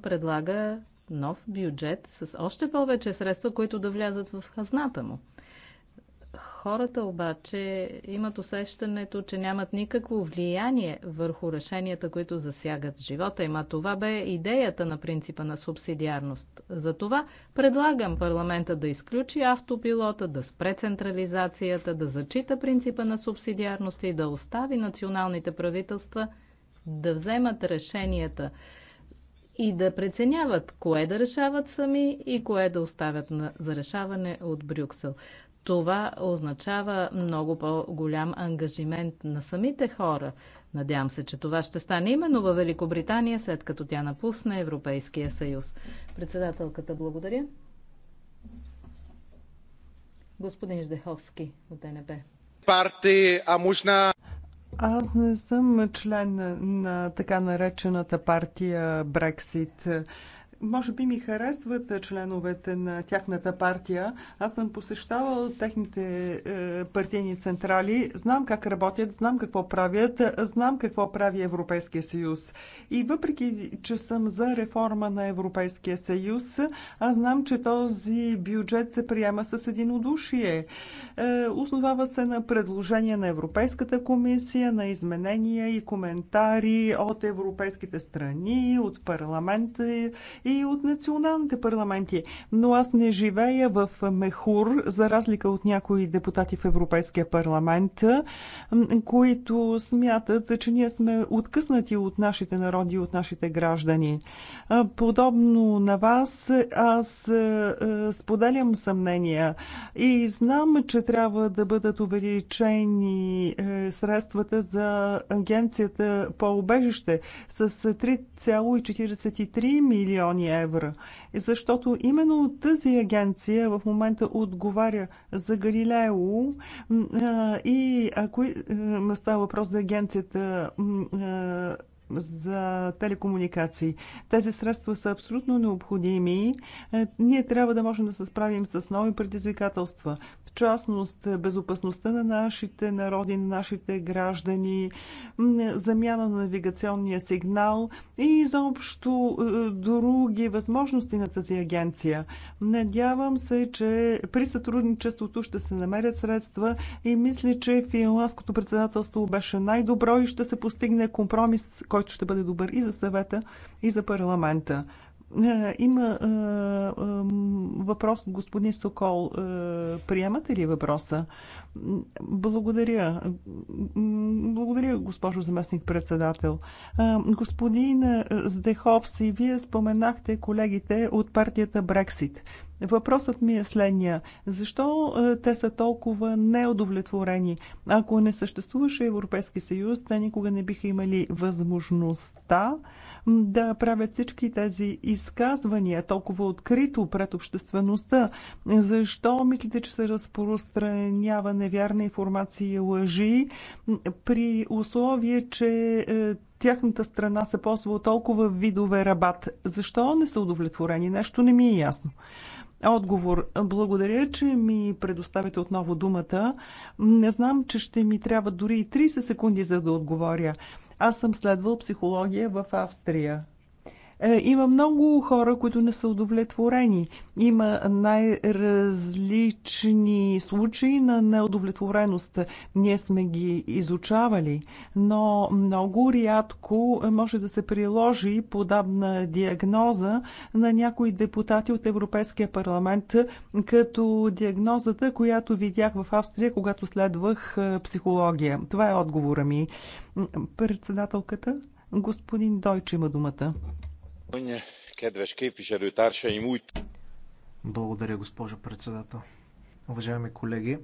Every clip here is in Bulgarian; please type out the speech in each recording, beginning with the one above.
предлага нов бюджет с още повече средства, които да влязат в хазната му. Хората обаче имат усещането, че нямат никакво влияние върху решенията, които засягат живота им. А това бе идеята на принципа на субсидиарност. Затова предлагам парламента да изключи автопилота, да спре централизацията, да зачита принципа на субсидиарност и да остави националните правителства да вземат решенията и да преценяват кое да решават сами и кое да оставят на, за решаване от Брюксел. Това означава много по-голям ангажимент на самите хора. Надявам се, че това ще стане именно във Великобритания, след като тя напусне Европейския съюз. Председателката, благодаря. Господин Ждеховски от НП. Парти, мушна... Аз не съм член на така наречената партия Брексит. Може би ми харесват членовете на тяхната партия. Аз съм посещавал техните е, партийни централи. Знам как работят, знам какво правят, знам какво прави Европейския съюз. И въпреки, че съм за реформа на Европейския съюз, аз знам, че този бюджет се приема с единодушие. Е, основава се на предложения на Европейската комисия, на изменения и коментари от европейските страни, от парламента и от националните парламенти. Но аз не живея в Мехур, за разлика от някои депутати в Европейския парламент, които смятат, че ние сме откъснати от нашите народи и от нашите граждани. Подобно на вас, аз споделям съмнения и знам, че трябва да бъдат увеличени е, средствата за агенцията по обежище с 3,43 милиона милиони евро. Защото именно тази агенция в момента отговаря за Галилео и ако става въпрос за агенцията за телекомуникации. Тези средства са абсолютно необходими. Е, ние трябва да можем да се справим с нови предизвикателства. В частност, безопасността на нашите народи, на нашите граждани, замяна на навигационния сигнал и изобщо е, други възможности на тази агенция. Надявам се, че при сътрудничеството ще се намерят средства и мисля, че финландското председателство беше най-добро и ще се постигне компромис, който ще бъде добър и за съвета, и за парламента. Е, има е, е, въпрос от господин Сокол. приемате ли въпроса? Благодаря. Благодаря, госпожо заместник-председател. Господин Здеховси, вие споменахте колегите от партията Брексит. Въпросът ми е следния. Защо е, те са толкова неудовлетворени? Ако не съществуваше Европейски съюз, те никога не биха имали възможността да правят всички тези изказвания толкова открито пред обществеността. Защо мислите, че се разпространява невярна информация и лъжи при условие, че е, тяхната страна се ползва толкова видове рабат. Защо не са удовлетворени? Нещо не ми е ясно. Отговор. Благодаря, че ми предоставите отново думата. Не знам, че ще ми трябва дори и 30 секунди, за да отговоря. Аз съм следвал психология в Австрия. Е, има много хора, които не са удовлетворени. Има най-различни случаи на неудовлетвореност. Ние сме ги изучавали, но много рядко може да се приложи подобна диагноза на някои депутати от Европейския парламент, като диагнозата, която видях в Австрия, когато следвах е, психология. Това е отговора ми. Председателката, господин Дойч има думата. Благодаря, госпожо председател. Уважаеми колеги,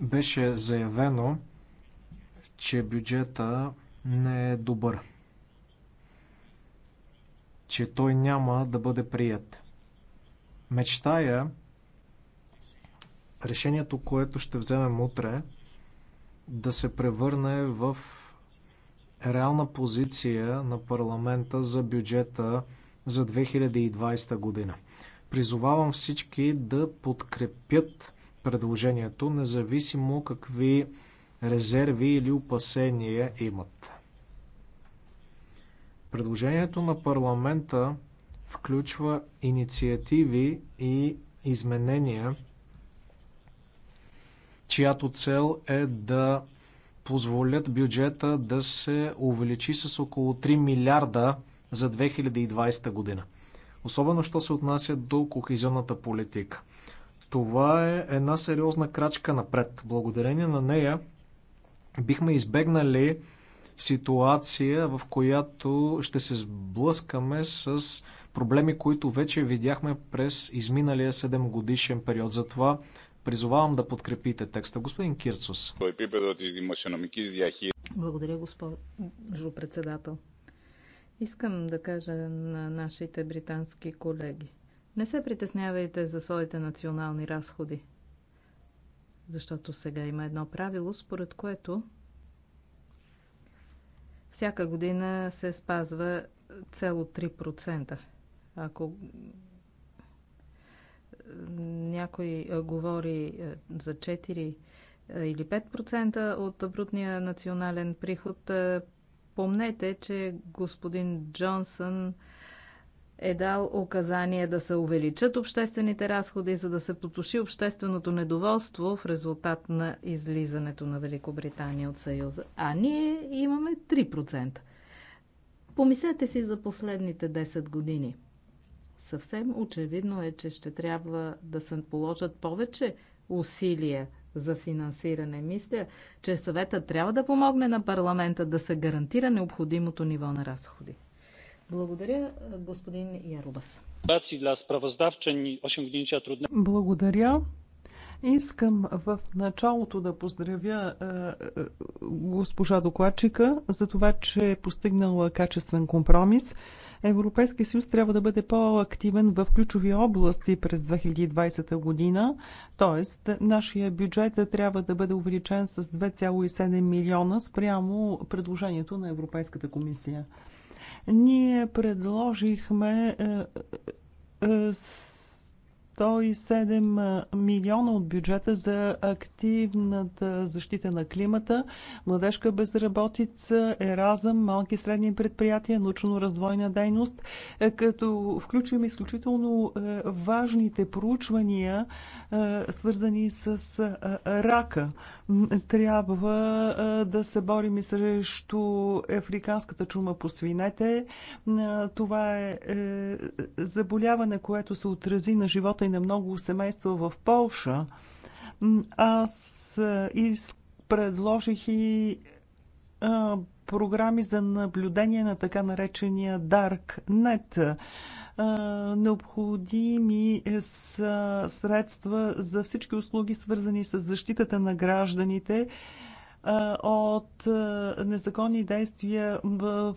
беше заявено, че бюджета не е добър. Че той няма да бъде прият. Мечтая решението, което ще вземем утре, да се превърне в реална позиция на парламента за бюджета за 2020 година. Призовавам всички да подкрепят предложението, независимо какви резерви или опасения имат. Предложението на парламента включва инициативи и изменения, чиято цел е да позволят бюджета да се увеличи с около 3 милиарда за 2020 година. Особено, що се отнася до кохезионната политика. Това е една сериозна крачка напред. Благодарение на нея бихме избегнали ситуация, в която ще се сблъскаме с проблеми, които вече видяхме през изминалия 7 годишен период. Затова Призовавам да подкрепите текста. Господин Кирцус. Благодаря, госпожо председател. Искам да кажа на нашите британски колеги. Не се притеснявайте за своите национални разходи. Защото сега има едно правило, според което всяка година се спазва цело 3%. Ако някой говори за 4 или 5% от брутния национален приход. Помнете, че господин Джонсън е дал указание да се увеличат обществените разходи, за да се потуши общественото недоволство в резултат на излизането на Великобритания от Съюза. А ние имаме 3%. Помислете си за последните 10 години – Съвсем очевидно е, че ще трябва да се положат повече усилия за финансиране. Мисля, че съвета трябва да помогне на парламента да се гарантира необходимото ниво на разходи. Благодаря, господин Ярубас. Благодаря. Искам в началото да поздравя е, е, госпожа докладчика за това, че е постигнала качествен компромис. Европейския съюз трябва да бъде по-активен в ключови области през 2020 година, т.е. нашия бюджет трябва да бъде увеличен с 2,7 милиона спрямо предложението на Европейската комисия. Ние предложихме е, с 107 милиона от бюджета за активната защита на климата, младежка безработица, еразъм, малки и средни предприятия, научно-развойна дейност, е, като включим изключително е, важните проучвания, е, свързани с рака. Трябва да се борим и срещу африканската чума по свинете. Това е заболяване, което се отрази на живота и на много семейства в Полша. Аз предложих и програми за наблюдение на така наречения DarkNet. Необходими е, са средства за всички услуги, свързани с защитата на гражданите от незаконни действия в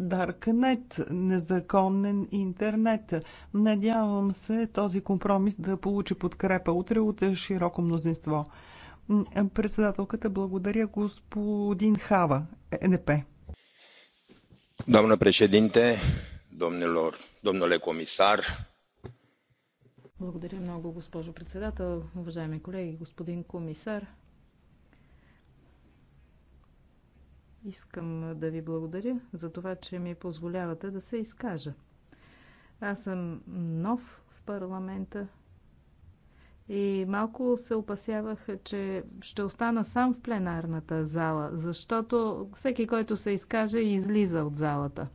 Даркнет, незаконен интернет. Надявам се този компромис да получи подкрепа утре от широко мнозинство. Председателката благодаря господин Хава, е НП. Doamnă președinte, domnilor, domnule комисар, благодаря много, госпожо председател. Уважаеми колеги, господин комисар, Искам да ви благодаря за това, че ми позволявате да се изкажа. Аз съм нов в парламента и малко се опасявах, че ще остана сам в пленарната зала, защото всеки, който се изкаже, излиза от залата.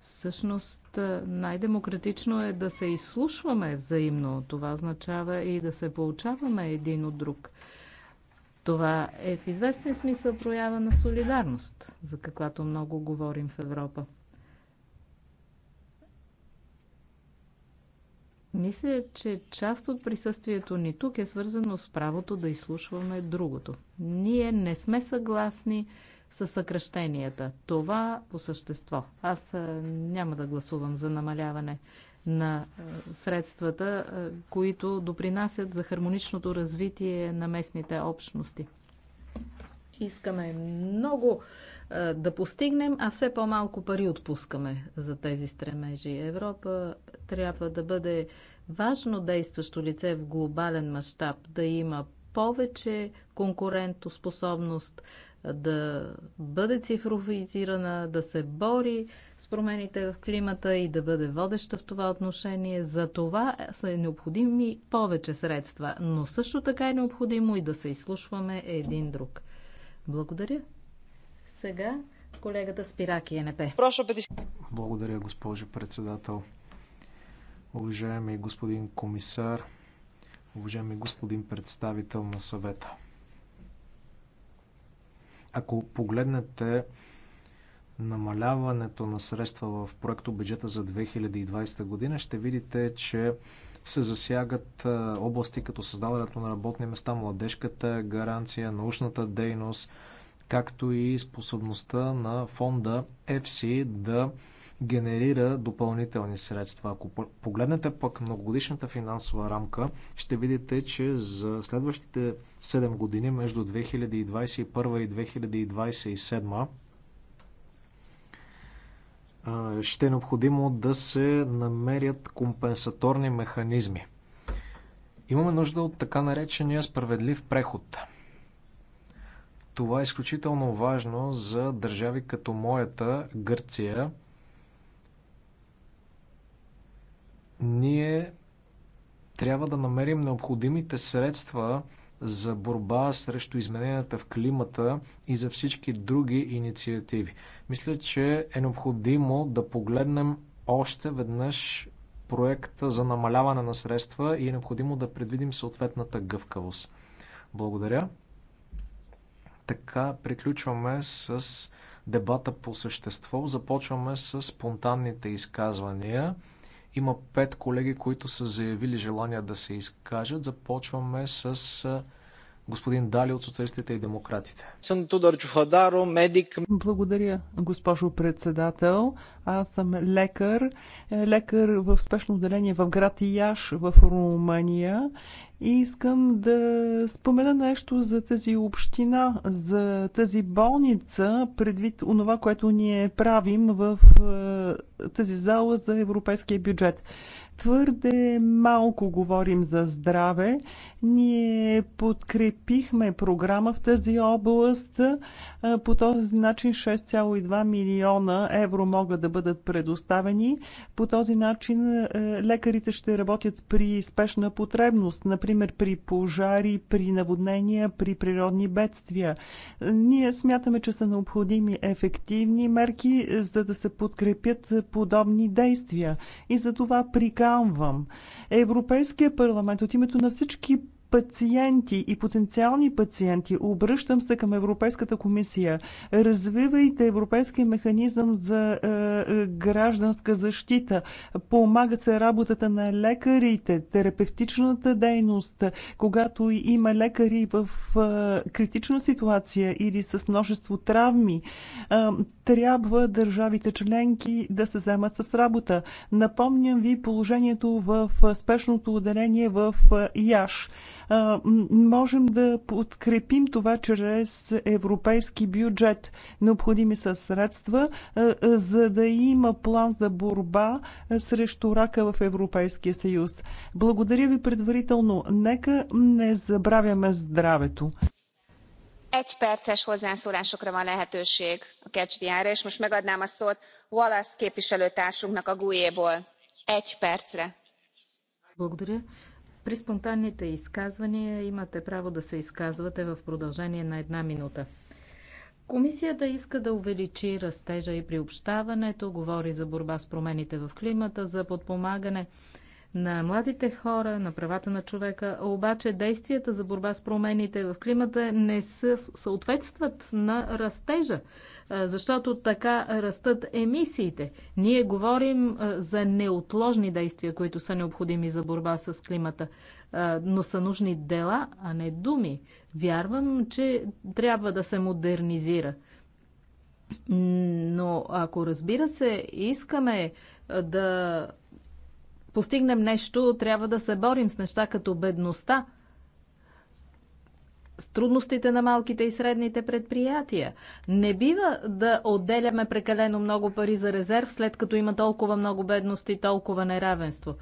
Всъщност, най-демократично е да се изслушваме взаимно. Това означава и да се получаваме един от друг – това е в известен смисъл проява на солидарност, за каквато много говорим в Европа. Мисля, че част от присъствието ни тук е свързано с правото да изслушваме другото. Ние не сме съгласни с съкръщенията. Това по същество. Аз няма да гласувам за намаляване на е, средствата, е, които допринасят за хармоничното развитие на местните общности. Искаме много е, да постигнем, а все по-малко пари отпускаме за тези стремежи. Европа трябва да бъде важно действащо лице в глобален мащаб, да има повече конкурентоспособност, да бъде цифровизирана, да се бори с промените в климата и да бъде водеща в това отношение. За това са необходими повече средства, но също така е необходимо и да се изслушваме един друг. Благодаря. Сега колегата Спираки НП. Благодаря, госпожо председател. Уважаеми господин комисар, уважаеми господин представител на съвета. Ако погледнете намаляването на средства в проекто бюджета за 2020 година, ще видите, че се засягат области като създаването на работни места, младежката гаранция, научната дейност, както и способността на фонда EFSI да генерира допълнителни средства. Ако погледнете пък многогодишната финансова рамка, ще видите, че за следващите 7 години между 2021 и 2027 ще е необходимо да се намерят компенсаторни механизми. Имаме нужда от така наречения справедлив преход. Това е изключително важно за държави като моята Гърция – Ние трябва да намерим необходимите средства за борба срещу измененията в климата и за всички други инициативи. Мисля, че е необходимо да погледнем още веднъж проекта за намаляване на средства и е необходимо да предвидим съответната гъвкавост. Благодаря. Така приключваме с дебата по същество. Започваме с спонтанните изказвания. Има пет колеги, които са заявили желание да се изкажат. Започваме с господин Дали от социалистите и демократите. Съм Тодор Чуфадаро, медик. Благодаря, госпожо председател. Аз съм лекар. Е, лекар в спешно отделение в град Яш в Румъния. И искам да спомена нещо за тази община, за тази болница, предвид онова, което ние правим в е, тази зала за европейския бюджет. Твърде малко говорим за здраве. Ние подкрепихме програма в тази област, по този начин 6,2 милиона евро могат да бъдат предоставени. По този начин е, лекарите ще работят при спешна потребност, например при пожари, при наводнения, при природни бедствия. Ние смятаме, че са необходими ефективни мерки, за да се подкрепят подобни действия. И за това приканвам Европейския парламент от името на всички пациенти и потенциални пациенти. Обръщам се към Европейската комисия. Развивайте европейския механизъм за е, е, гражданска защита. Помага се работата на лекарите, терапевтичната дейност, когато има лекари в е, критична ситуация или с множество травми. Е, трябва държавите членки да се вземат с работа. Напомням ви положението в спешното отделение в е, Яш. Можем да подкрепим това чрез европейски бюджет. Необходими са средства, за да има план за борба срещу рака в Европейския съюз. Благодаря ви предварително. Нека не забравяме здравето. Egy perces hozzászólásokra van lehetőség a kecsdiára, és most megadnám a szót Wallace képviselőtársunknak a GUE-ból. Egy percre. Благодаря. При спонтанните изказвания имате право да се изказвате в продължение на една минута. Комисията иска да увеличи растежа и приобщаването, говори за борба с промените в климата, за подпомагане на младите хора, на правата на човека, обаче действията за борба с промените в климата не съответстват на растежа защото така растат емисиите. Ние говорим за неотложни действия, които са необходими за борба с климата, но са нужни дела, а не думи. Вярвам, че трябва да се модернизира. Но ако разбира се, искаме да постигнем нещо, трябва да се борим с неща като бедността, с трудностите на малките и средните предприятия. Не бива да отделяме прекалено много пари за резерв, след като има толкова много бедност и толкова неравенство.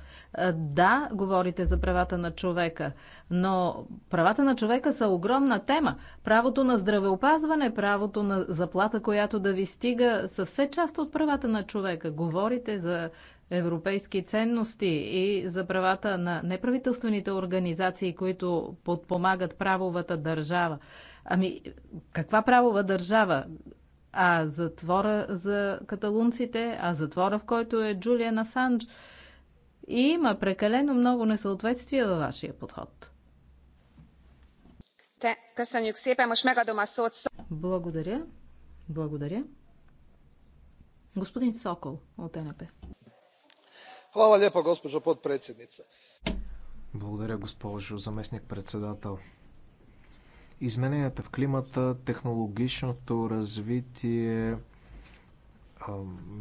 Да, говорите за правата на човека, но правата на човека са огромна тема. Правото на здравеопазване, правото на заплата, която да ви стига, са все част от правата на човека. Говорите за европейски ценности и за правата на неправителствените организации, които подпомагат правовата държава. Ами, каква правова държава? А затвора за каталунците, а затвора, в който е Джулия Насандж. И има прекалено много несъответствия във вашия подход. Благодаря. Благодаря. Господин Сокол от НП. Хвала лепа, госпожо подпредседница. Благодаря, госпожо заместник-председател. Измененията в климата, технологичното развитие,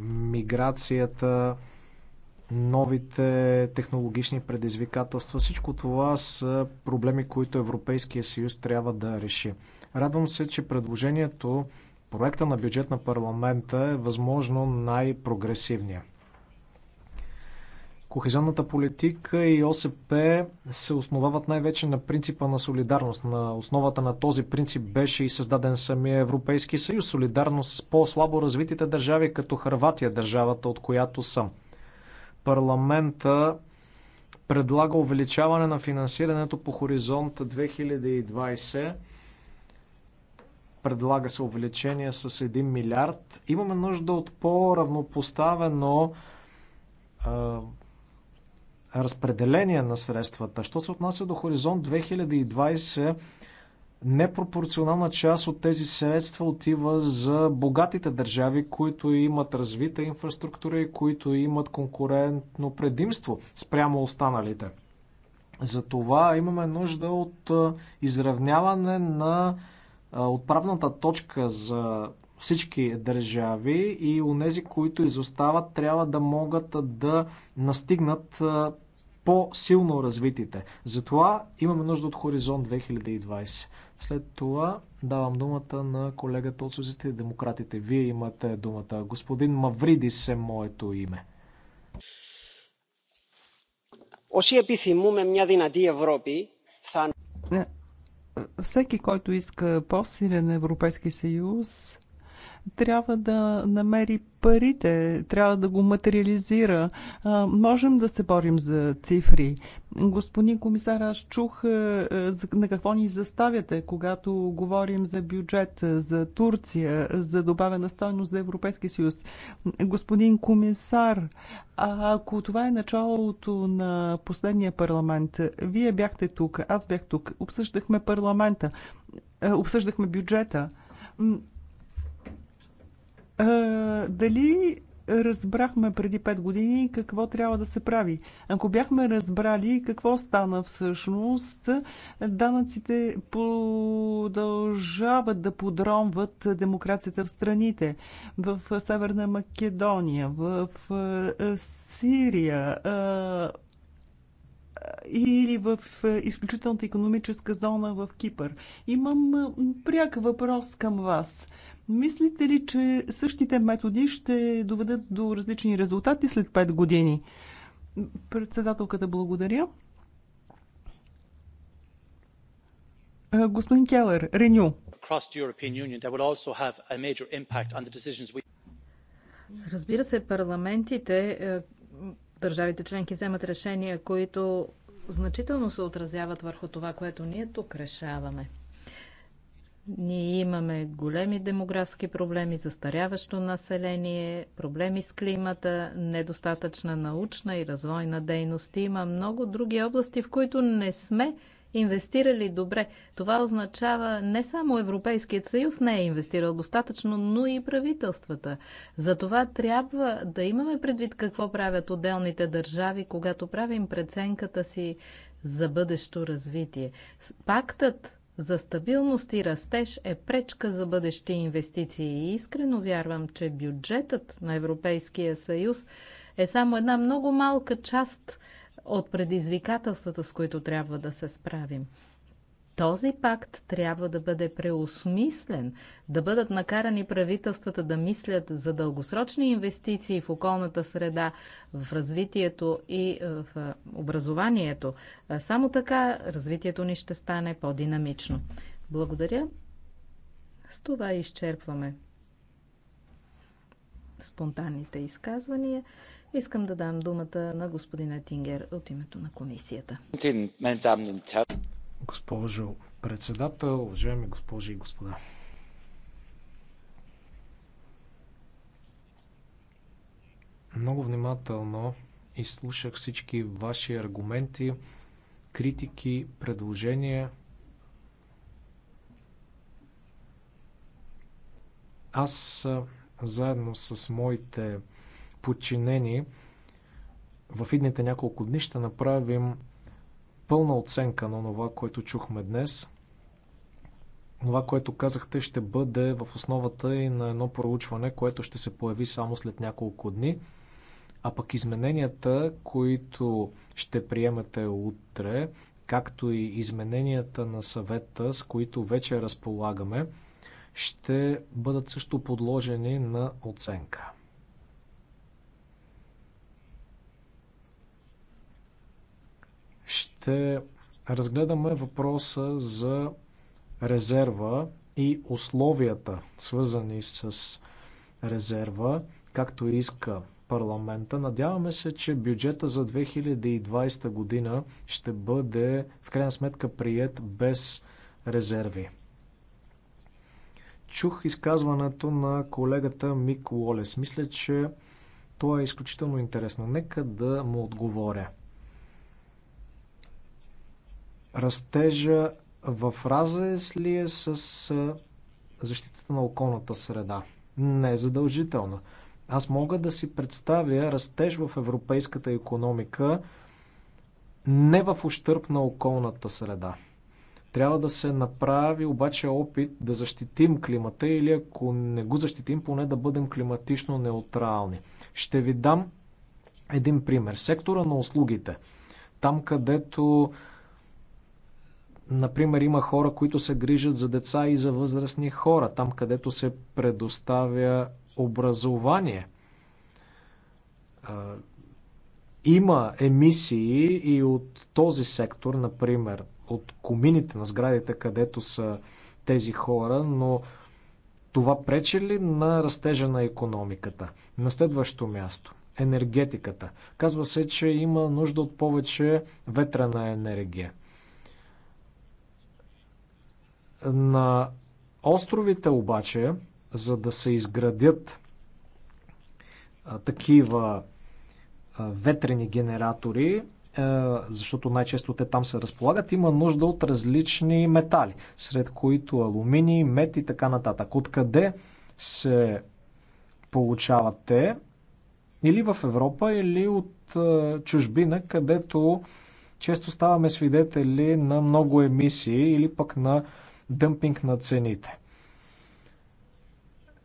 миграцията, новите технологични предизвикателства. Всичко това са проблеми, които Европейския съюз трябва да реши. Радвам се, че предложението, проекта на бюджет на парламента е възможно най-прогресивния. Кохезионната политика и ОСП се основават най-вече на принципа на солидарност. На основата на този принцип беше и създаден самия Европейски съюз. Солидарност с по-слабо развитите държави, като Харватия, държавата от която съм. Парламента предлага увеличаване на финансирането по хоризонт 2020 предлага се увеличение с 1 милиард. Имаме нужда от по-равнопоставено разпределение на средствата. Що се отнася до Хоризонт 2020, непропорционална част от тези средства отива за богатите държави, които имат развита инфраструктура и които имат конкурентно предимство спрямо останалите. Затова имаме нужда от изравняване на отправната точка за всички държави и онези, които изостават, трябва да могат да настигнат по-силно развитите. Затова имаме нужда от Хоризонт 2020. След това давам думата на колегата от Сузите и Демократите. Вие имате думата. Господин Мавридис е моето име. Όσοι επιθυμούμε μια δυνατή Европи θα... Е, всеки, който иска по-силен Европейски съюз, трябва да намери парите, трябва да го материализира. Можем да се борим за цифри. Господин комисар, аз чух на какво ни заставяте, когато говорим за бюджет, за Турция, за добавена стойност за Европейския съюз. Господин комисар, ако това е началото на последния парламент, вие бяхте тук, аз бях тук, обсъждахме парламента, обсъждахме бюджета дали разбрахме преди 5 години какво трябва да се прави. Ако бяхме разбрали какво стана всъщност, данъците продължават да подромват демокрацията в страните. В Северна Македония, в Сирия, или в изключителната економическа зона в Кипър. Имам пряк въпрос към вас. Мислите ли, че същите методи ще доведат до различни резултати след 5 години? Председателката благодаря. Господин Келер, Реню. Разбира се, парламентите, е, държавите членки вземат решения, които значително се отразяват върху това, което ние тук решаваме. Ние имаме големи демографски проблеми, застаряващо население, проблеми с климата, недостатъчна научна и развойна дейност. Има много други области, в които не сме инвестирали добре. Това означава не само Европейският съюз не е инвестирал достатъчно, но и правителствата. Затова трябва да имаме предвид какво правят отделните държави, когато правим преценката си за бъдещо развитие. Пактът за стабилност и растеж е пречка за бъдещи инвестиции и искрено вярвам, че бюджетът на Европейския съюз е само една много малка част от предизвикателствата, с които трябва да се справим. Този пакт трябва да бъде преосмислен, да бъдат накарани правителствата да мислят за дългосрочни инвестиции в околната среда, в развитието и е, в е, образованието. Само така развитието ни ще стане по-динамично. Благодаря. С това изчерпваме спонтанните изказвания. Искам да дам думата на господина Тингер от името на комисията госпожо председател, уважаеми госпожи и господа. Много внимателно изслушах всички ваши аргументи, критики, предложения. Аз заедно с моите подчинени в идните няколко дни ще направим пълна оценка на това, което чухме днес. Това, което казахте, ще бъде в основата и на едно проучване, което ще се появи само след няколко дни. А пък измененията, които ще приемете утре, както и измененията на съвета, с които вече разполагаме, ще бъдат също подложени на оценка. ще разгледаме въпроса за резерва и условията, свързани с резерва, както иска парламента. Надяваме се, че бюджета за 2020 година ще бъде в крайна сметка прият без резерви. Чух изказването на колегата Мик Уолес. Мисля, че това е изключително интересно. Нека да му отговоря. Растежа в разрез ли е с защитата на околната среда? Не е задължително. Аз мога да си представя растеж в европейската економика не в ущърп на околната среда. Трябва да се направи обаче опит да защитим климата или ако не го защитим, поне да бъдем климатично неутрални. Ще ви дам един пример. Сектора на услугите. Там, където Например, има хора, които се грижат за деца и за възрастни хора, там където се предоставя образование. Има емисии и от този сектор, например, от комините на сградите, където са тези хора, но това пречи ли на растежа на економиката? На следващо място енергетиката. Казва се, че има нужда от повече ветрена енергия. На островите обаче, за да се изградят такива ветрени генератори, защото най-често те там се разполагат, има нужда от различни метали, сред които алуминий, мед и така нататък. Откъде се получават те? Или в Европа, или от чужбина, където често ставаме свидетели на много емисии или пък на дъмпинг на цените.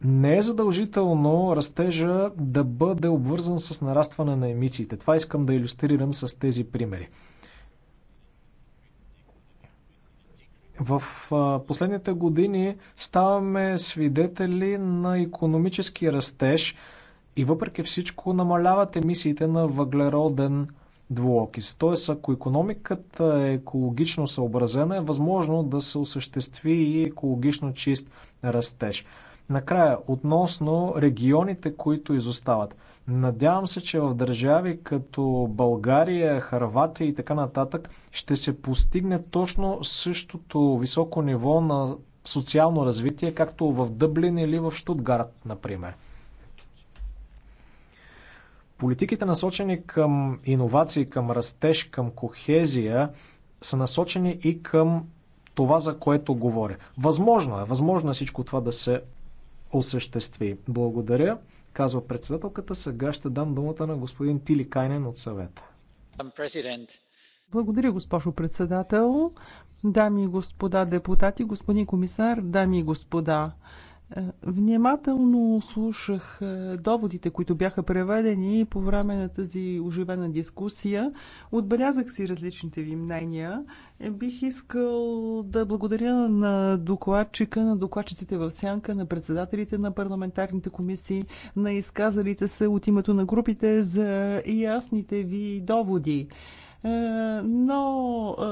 Не е задължително растежа да бъде обвързан с нарастване на емисиите. Това искам да иллюстрирам с тези примери. В последните години ставаме свидетели на економически растеж и въпреки всичко намаляват емисиите на въглероден двуокис. Т.е. ако економиката е екологично съобразена, е възможно да се осъществи и екологично чист растеж. Накрая, относно регионите, които изостават. Надявам се, че в държави като България, Харватия и така нататък ще се постигне точно същото високо ниво на социално развитие, както в Дъблин или в Штутгарт, например. Политиките насочени към иновации, към растеж, към кохезия са насочени и към това, за което говоря. Възможно е, възможно е всичко това да се осъществи. Благодаря, казва председателката. Сега ще дам думата на господин Тили Кайнен от съвета. Благодаря, госпожо председател. Дами и господа депутати, господин комисар, дами и господа. Е, внимателно слушах е, доводите, които бяха преведени по време на тази оживена дискусия. Отбелязах си различните ви мнения. Е, бих искал да благодаря на докладчика, на докладчиците в сянка, на председателите на парламентарните комисии, на изказалите се от името на групите за ясните ви доводи. Е, но е,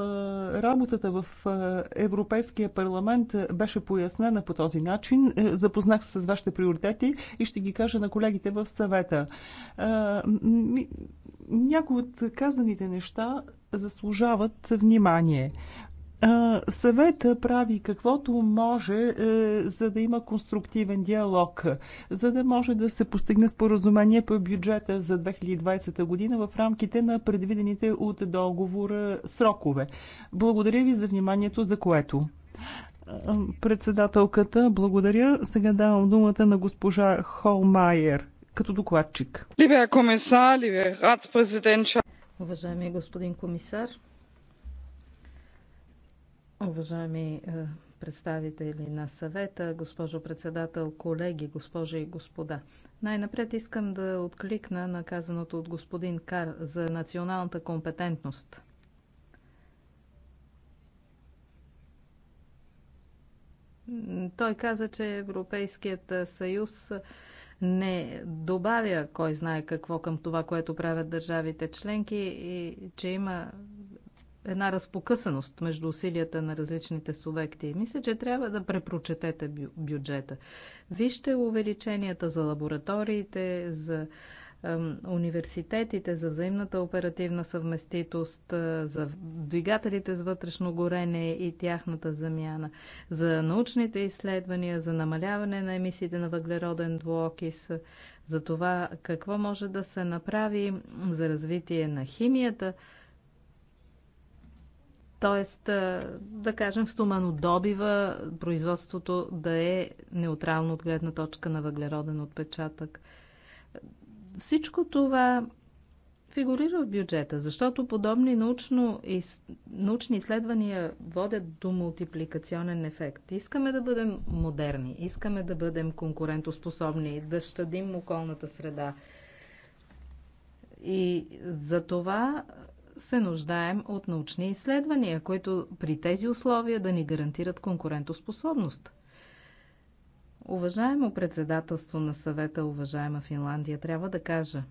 работата в е, Европейския парламент беше пояснена по този начин. Запознах се с вашите приоритети и ще ги кажа на колегите в съвета. Някои от казаните неща заслужават внимание. Съвета прави каквото може, е, за да има конструктивен диалог, за да може да се постигне споразумение по бюджета за 2020 година в рамките на предвидените от договора срокове. Благодаря ви за вниманието, за което. Председателката, благодаря. Сега давам думата на госпожа Холмайер като докладчик. Либе комисар, либе Уважаеми господин комисар, Уважаеми е, представители на съвета, госпожо председател, колеги, госпожи и господа. Най-напред искам да откликна на казаното от господин Кар за националната компетентност. Той каза, че Европейският съюз не добавя кой знае какво към това, което правят държавите членки и че има една разпокъсаност между усилията на различните субекти. Мисля, че трябва да препрочетете бю бюджета. Вижте увеличенията за лабораториите, за университетите, за взаимната оперативна съвместитост, за двигателите с вътрешно горение и тяхната замяна, за научните изследвания, за намаляване на емисиите на въглероден двуокис, за това какво може да се направи за развитие на химията, Тоест, да кажем, в стоманодобива производството да е неутрално от гледна точка на въглероден отпечатък. Всичко това фигурира в бюджета, защото подобни научно, из... научни изследвания водят до мултипликационен ефект. Искаме да бъдем модерни, искаме да бъдем конкурентоспособни, да щадим околната среда. И за това се нуждаем от научни изследвания, които при тези условия да ни гарантират конкурентоспособност. Уважаемо председателство на съвета, уважаема Финландия, трябва да кажа,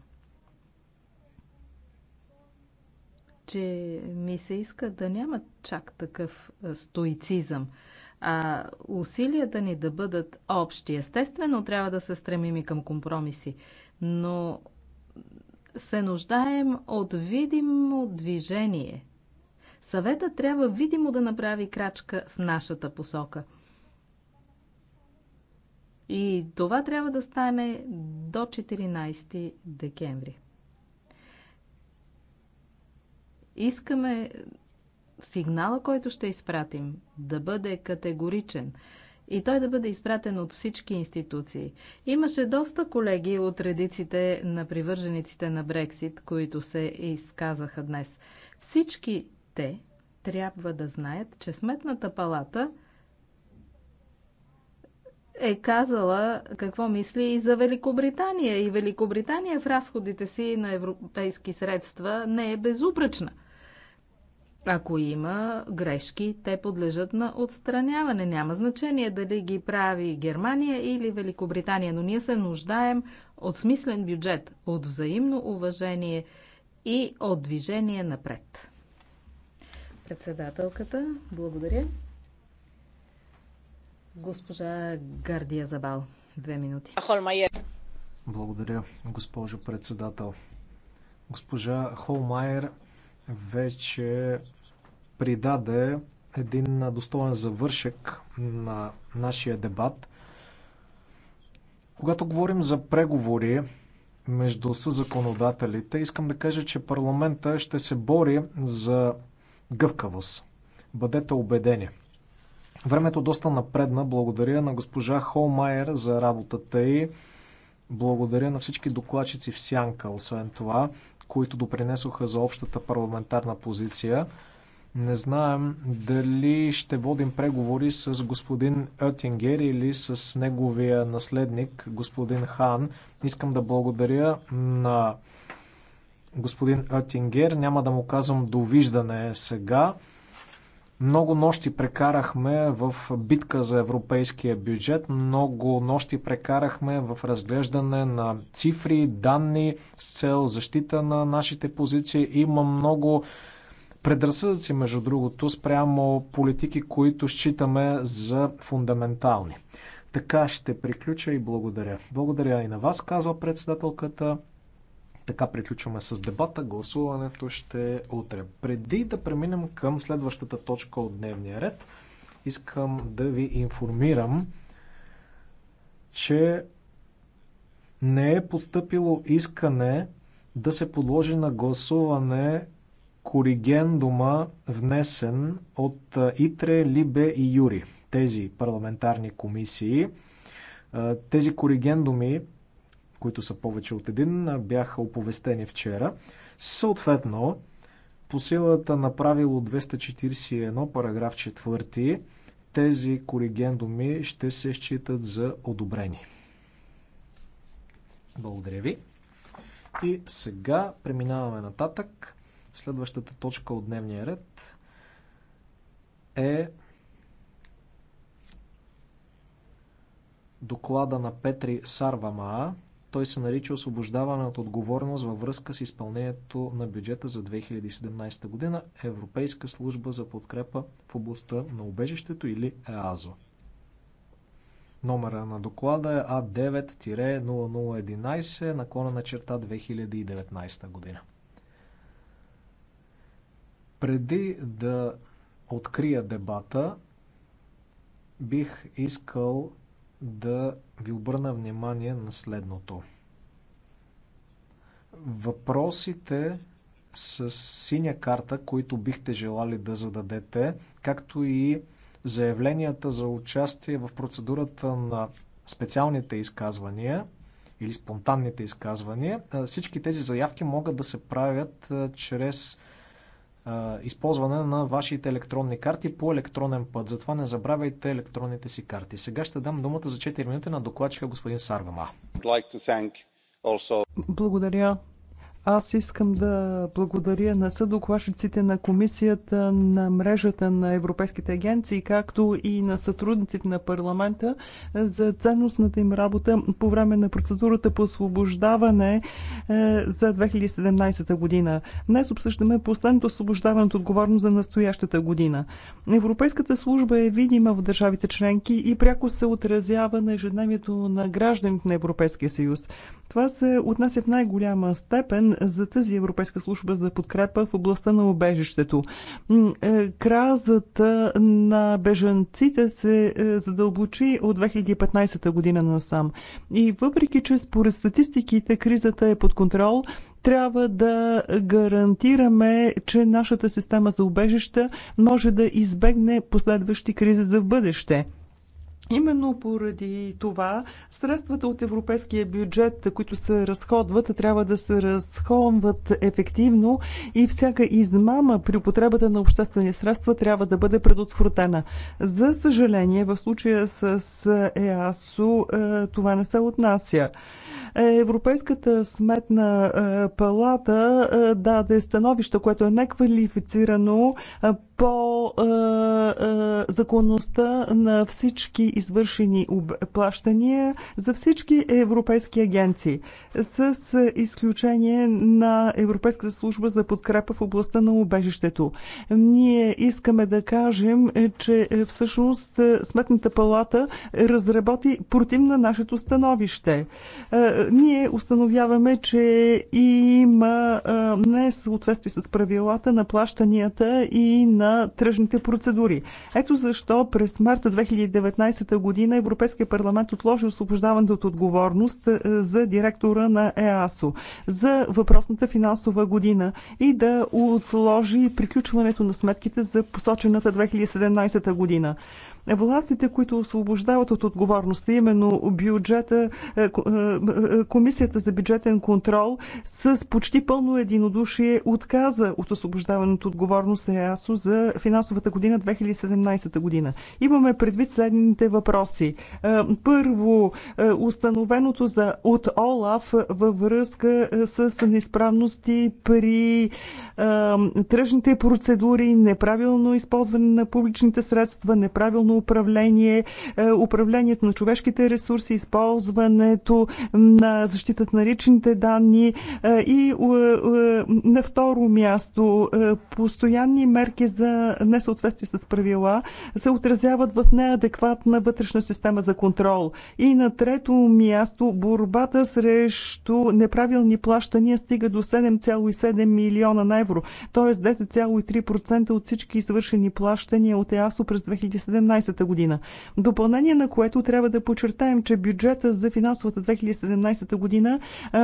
че ми се иска да няма чак такъв стоицизъм. А усилията ни да бъдат общи. Естествено, трябва да се стремим и към компромиси, но се нуждаем от видимо движение. Съвета трябва видимо да направи крачка в нашата посока. И това трябва да стане до 14 декември. Искаме сигнала, който ще изпратим, да бъде категоричен – и той да бъде изпратен от всички институции. Имаше доста колеги от редиците на привържениците на Брексит, които се изказаха днес. Всички те трябва да знаят, че Сметната палата е казала какво мисли и за Великобритания. И Великобритания в разходите си на европейски средства не е безупречна. Ако има грешки, те подлежат на отстраняване. Няма значение дали ги прави Германия или Великобритания, но ние се нуждаем от смислен бюджет, от взаимно уважение и от движение напред. Председателката, благодаря. Госпожа Гардия Забал, две минути. Благодаря, госпожо председател. Госпожа Холмайер вече придаде един достоен завършек на нашия дебат. Когато говорим за преговори между съзаконодателите, искам да кажа, че парламента ще се бори за гъвкавост. Бъдете убедени. Времето доста напредна. Благодаря на госпожа Холмайер за работата и благодаря на всички докладчици в Сянка. Освен това, които допринесоха за общата парламентарна позиция. Не знаем дали ще водим преговори с господин Оттингер или с неговия наследник, господин Хан. Искам да благодаря на господин Оттингер. Няма да му казвам довиждане сега. Много нощи прекарахме в битка за европейския бюджет, много нощи прекарахме в разглеждане на цифри, данни с цел защита на нашите позиции. Има много предразсъдъци, между другото, спрямо политики, които считаме за фундаментални. Така ще приключа и благодаря. Благодаря и на вас, казва председателката. Така приключваме с дебата. Гласуването ще е утре. Преди да преминем към следващата точка от дневния ред, искам да ви информирам, че не е поступило искане да се подложи на гласуване коригендума, внесен от ИТРЕ, ЛИБЕ и ЮРИ, тези парламентарни комисии. Тези коригендуми които са повече от един, бяха оповестени вчера. Съответно, по силата на правило 241, параграф 4, тези коригендуми ще се считат за одобрени. Благодаря ви. И сега преминаваме нататък. Следващата точка от дневния ред е доклада на Петри Сарвамаа той се нарича освобождаване от отговорност във връзка с изпълнението на бюджета за 2017 година Европейска служба за подкрепа в областта на убежището или ЕАЗО. Номера на доклада е А9-0011 наклона на черта 2019 година. Преди да открия дебата, бих искал да ви обърна внимание на следното. Въпросите с синя карта, които бихте желали да зададете, както и заявленията за участие в процедурата на специалните изказвания или спонтанните изказвания, всички тези заявки могат да се правят чрез използване на вашите електронни карти по електронен път. Затова не забравяйте електронните си карти. Сега ще дам думата за 4 минути на докладчика господин Сарвама. Благодаря. Аз искам да благодаря на съдоклашниците на комисията, на мрежата на европейските агенции, както и на сътрудниците на парламента за ценностната им работа по време на процедурата по освобождаване е, за 2017 година. Днес обсъждаме последното освобождаване от отговорност за настоящата година. Европейската служба е видима в държавите членки и пряко се отразява на ежедневието на гражданите на Европейския съюз. Това се отнася в най-голяма степен за тази Европейска служба за подкрепа в областта на обежището. Е, кразата на бежанците се е, задълбочи от 2015 година насам. И въпреки, че според статистиките кризата е под контрол, трябва да гарантираме, че нашата система за убежища може да избегне последващи кризи за в бъдеще. Именно поради това средствата от европейския бюджет, които се разходват, трябва да се разходват ефективно и всяка измама при употребата на обществени средства трябва да бъде предотвратена. За съжаление, в случая с ЕАСО е, това не се отнася. Е, Европейската сметна е, палата даде становище, което е неквалифицирано по а, е, а, е, законността на всички извършени плащания за всички европейски агенции, с изключение на Европейската служба за подкрепа в областта на убежището. Ние искаме да кажем, е, че всъщност Сметната палата разработи против на нашето становище. А, ние установяваме, че има е, несъответствие с правилата на плащанията и на на тръжните процедури. Ето защо през марта 2019 година Европейския парламент отложи освобождаването от отговорност е, за директора на ЕАСО за въпросната финансова година и да отложи приключването на сметките за посочената 2017 година. Е, властите, които освобождават от отговорността, именно бюджета, е, е, комисията за бюджетен контрол с почти пълно единодушие отказа от освобождаването от отговорност ЕАСО за финансовата година 2017 година. Имаме предвид следните въпроси. Първо, установеното за от ОЛАФ във връзка с неизправности при тръжните процедури, неправилно използване на публичните средства, неправилно социално управление, е, управлението на човешките ресурси, използването на защитата на личните данни е, и е, на второ място постоянни мерки за несъответствие с правила се отразяват в неадекватна вътрешна система за контрол. И на трето място борбата срещу неправилни плащания стига до 7,7 милиона на евро, т.е. 10,3% от всички извършени плащания от ЕАСО през 2017 2017 година. Допълнение на което трябва да подчертаем, че бюджета за финансовата 2017 година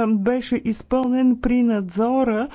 беше изпълнен при надзора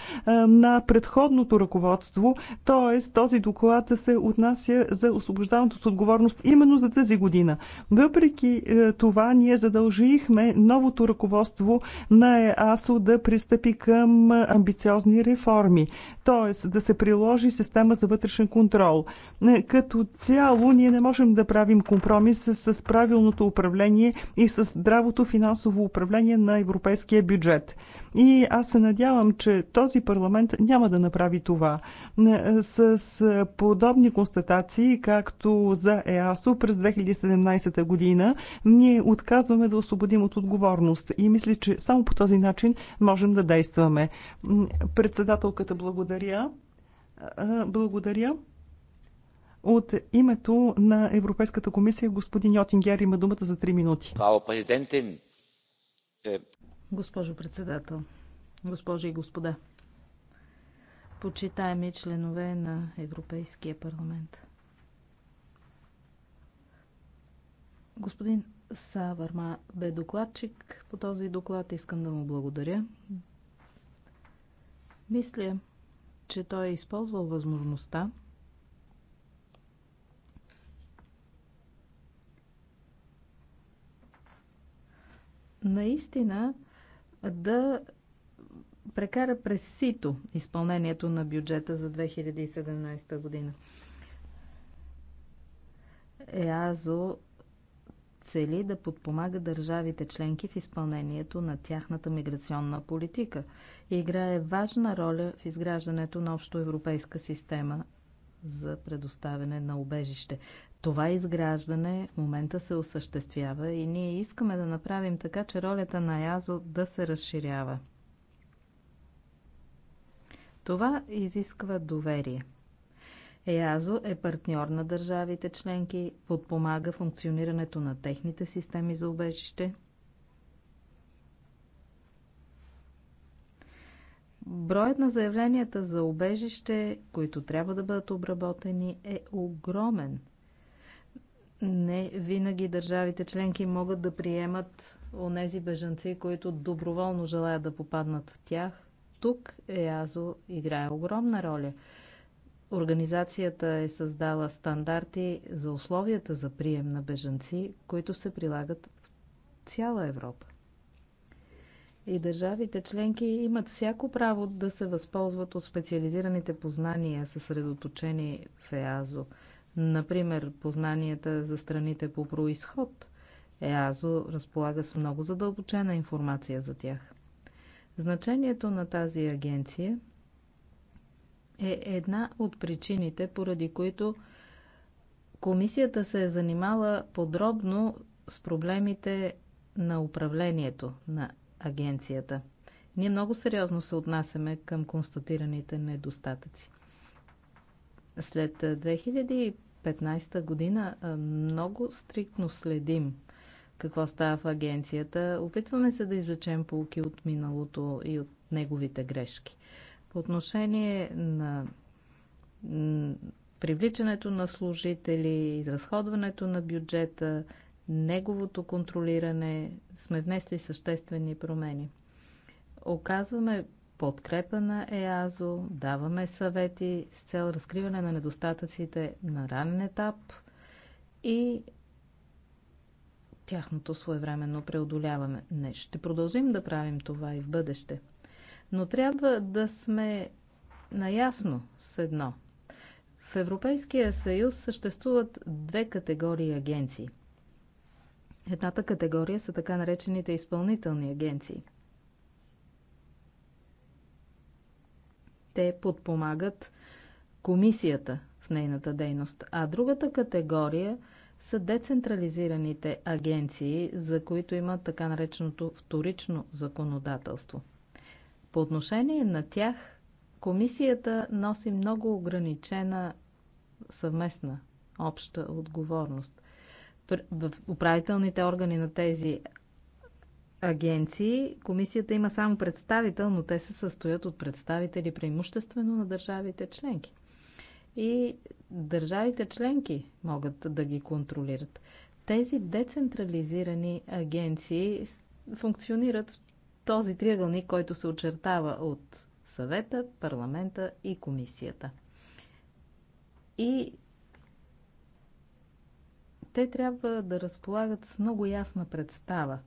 на предходното ръководство, т.е. този доклад се отнася за освобождаването от отговорност именно за тази година. Въпреки е, това ние задължихме новото ръководство на ЕАСО да пристъпи към амбициозни реформи, т.е. да се приложи система за вътрешен контрол. Е, като цяло ние не можем можем да правим компромис с, с правилното управление и с здравото финансово управление на европейския бюджет. И аз се надявам, че този парламент няма да направи това. С подобни констатации, както за ЕАСО през 2017 година, ние отказваме да освободим от отговорност. И мисля, че само по този начин можем да действаме. Председателката благодаря. Благодаря. От името на Европейската комисия господин Йотингер има думата за 3 минути. Е, Госпожо председател, госпожи и господа, почитаеми членове на Европейския парламент. Господин Саварма бе докладчик по този доклад. Искам да му благодаря. Мисля, че той е използвал възможността наистина да прекара през сито изпълнението на бюджета за 2017 година. ЕАЗО цели да подпомага държавите членки в изпълнението на тяхната миграционна политика и играе важна роля в изграждането на общоевропейска система за предоставяне на убежище. Това изграждане в момента се осъществява и ние искаме да направим така, че ролята на Язо да се разширява. Това изисква доверие. ЕАЗО е партньор на държавите членки, подпомага функционирането на техните системи за убежище. Броят на заявленията за убежище, които трябва да бъдат обработени, е огромен – не винаги държавите членки могат да приемат онези бежанци, които доброволно желаят да попаднат в тях. Тук ЕАЗО играе огромна роля. Организацията е създала стандарти за условията за прием на бежанци, които се прилагат в цяла Европа. И държавите членки имат всяко право да се възползват от специализираните познания, съсредоточени в ЕАЗО – Например, познанията за страните по происход. ЕАЗО разполага с много задълбочена информация за тях. Значението на тази агенция е една от причините, поради които комисията се е занимала подробно с проблемите на управлението на агенцията. Ние много сериозно се отнасяме към констатираните недостатъци. След 2005 2015 година много стриктно следим какво става в агенцията. Опитваме се да извлечем полки от миналото и от неговите грешки. По отношение на привличането на служители, изразходването на бюджета, неговото контролиране, сме внесли съществени промени. Оказваме подкрепа на ЕАЗО, даваме съвети с цел разкриване на недостатъците на ранен етап и тяхното своевременно преодоляване. Не, ще продължим да правим това и в бъдеще. Но трябва да сме наясно с едно. В Европейския съюз съществуват две категории агенции. Едната категория са така наречените изпълнителни агенции – те подпомагат комисията в нейната дейност. А другата категория са децентрализираните агенции, за които има така нареченото вторично законодателство. По отношение на тях, комисията носи много ограничена съвместна обща отговорност. В управителните органи на тези агенции. Комисията има само представител, но те се състоят от представители преимуществено на държавите членки. И държавите членки могат да ги контролират. Тези децентрализирани агенции функционират в този триъгълник, който се очертава от съвета, парламента и комисията. И те трябва да разполагат с много ясна представа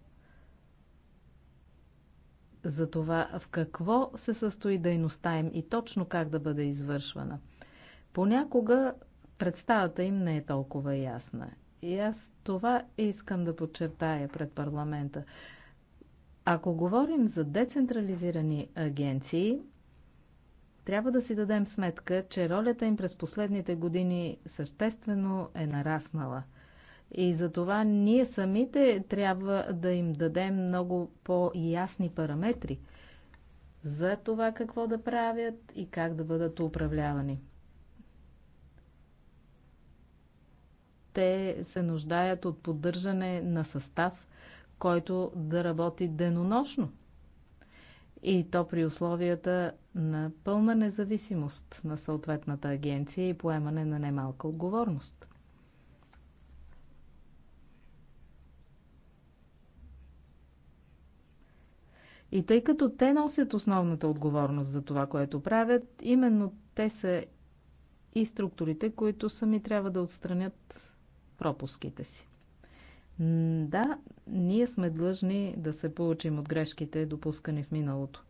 за това в какво се състои дейността им и точно как да бъде извършвана. Понякога представата им не е толкова ясна. И аз това искам да подчертая пред парламента. Ако говорим за децентрализирани агенции, трябва да си дадем сметка, че ролята им през последните години съществено е нараснала – и за това ние самите трябва да им дадем много по-ясни параметри за това какво да правят и как да бъдат управлявани. Те се нуждаят от поддържане на състав, който да работи денонощно. И то при условията на пълна независимост на съответната агенция и поемане на немалка отговорност. И тъй като те носят основната отговорност за това, което правят, именно те са и структурите, които сами трябва да отстранят пропуските си. Да, ние сме длъжни да се получим от грешките, допускани в миналото.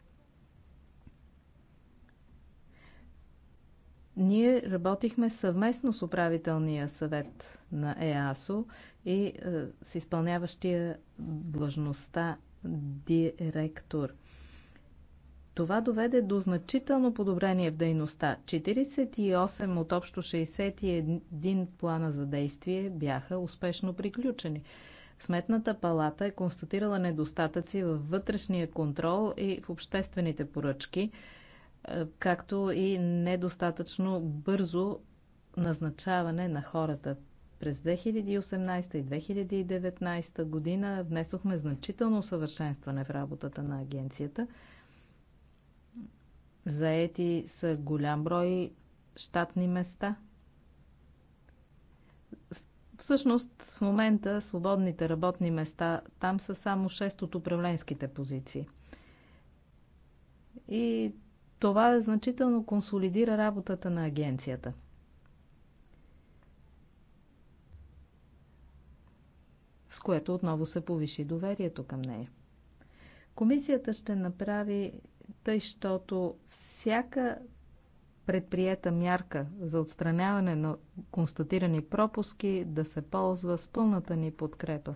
Ние работихме съвместно с управителния съвет на ЕАСО и е, с изпълняващия длъжността директор. Това доведе до значително подобрение в дейността. 48 от общо 61 плана за действие бяха успешно приключени. Сметната палата е констатирала недостатъци във вътрешния контрол и в обществените поръчки, е, както и недостатъчно бързо назначаване на хората. През 2018 и 2019 година внесохме значително усъвършенстване в работата на агенцията. Заети са голям брой щатни места. Всъщност, в момента свободните работни места там са само 6 от управленските позиции. И това значително консолидира работата на агенцията – с което отново се повиши доверието към нея. Комисията ще направи тъй, щото всяка предприета мярка за отстраняване на констатирани пропуски да се ползва с пълната ни подкрепа.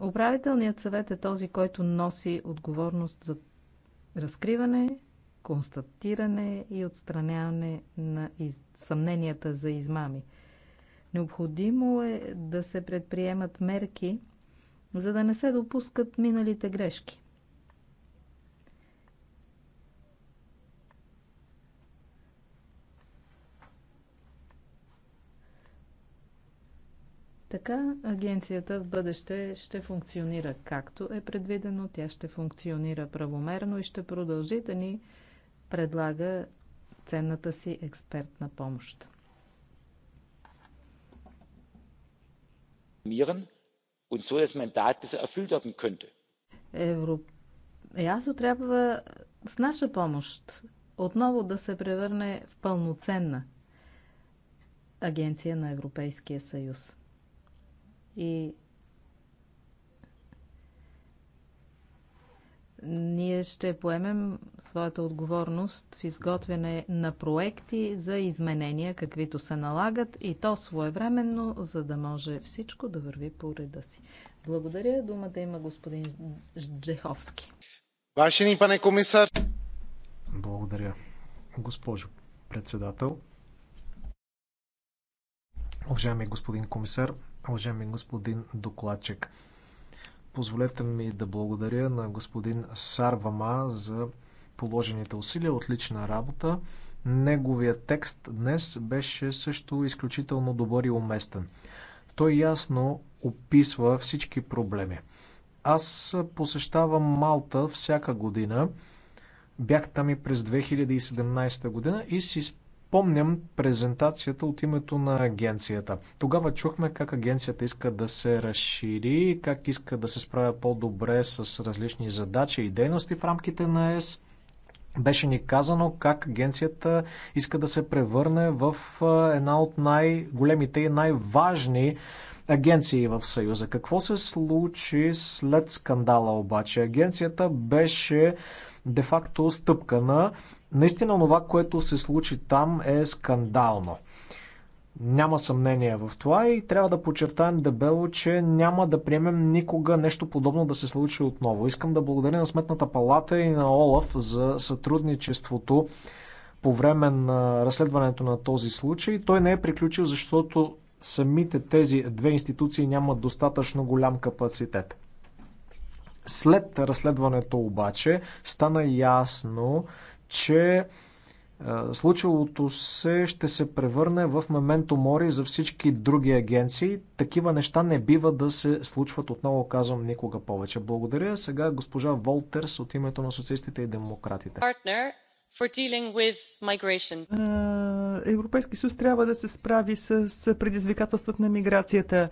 Управителният съвет е този, който носи отговорност за разкриване, констатиране и отстраняване на съмненията за измами – Необходимо е да се предприемат мерки, за да не се допускат миналите грешки. Така агенцията в бъдеще ще функционира както е предвидено, тя ще функционира правомерно и ще продължи да ни предлага ценната си експертна помощ. informieren und so das Mandat besser erfüllt werden könnte. Евро... ЕАСО трябва с наша помощ отново да се превърне в пълноценна агенция на Европейския съюз. И Ние ще поемем своята отговорност в изготвяне на проекти за изменения, каквито се налагат, и то своевременно, за да може всичко да върви по реда си. Благодаря. Думата има господин Джеховски. ни пане комисар. Благодаря, госпожо председател. Уважаеми господин комисар, уважаеми господин докладчик. Позволете ми да благодаря на господин Сарвама за положените усилия, отлична работа. Неговия текст днес беше също изключително добър и уместен. Той ясно описва всички проблеми. Аз посещавам Малта всяка година. Бях там и през 2017 година и си Помням презентацията от името на агенцията. Тогава чухме как агенцията иска да се разшири, как иска да се справя по-добре с различни задачи и дейности в рамките на ЕС. Беше ни казано как агенцията иска да се превърне в една от най-големите и най-важни агенции в Съюза. Какво се случи след скандала обаче? Агенцията беше де-факто стъпкана Наистина това, което се случи там е скандално. Няма съмнение в това и трябва да подчертаем дебело, че няма да приемем никога нещо подобно да се случи отново. Искам да благодаря на Сметната палата и на Олаф за сътрудничеството по време на разследването на този случай. Той не е приключил, защото самите тези две институции нямат достатъчно голям капацитет. След разследването обаче стана ясно, че е, случилото се ще се превърне в моменто мори за всички други агенции. Такива неща не бива да се случват, отново казвам, никога повече. Благодаря. Сега госпожа Волтерс от името на социалистите и демократите for dealing with migration. Е, Европейски съюз трябва да се справи с предизвикателствата на миграцията.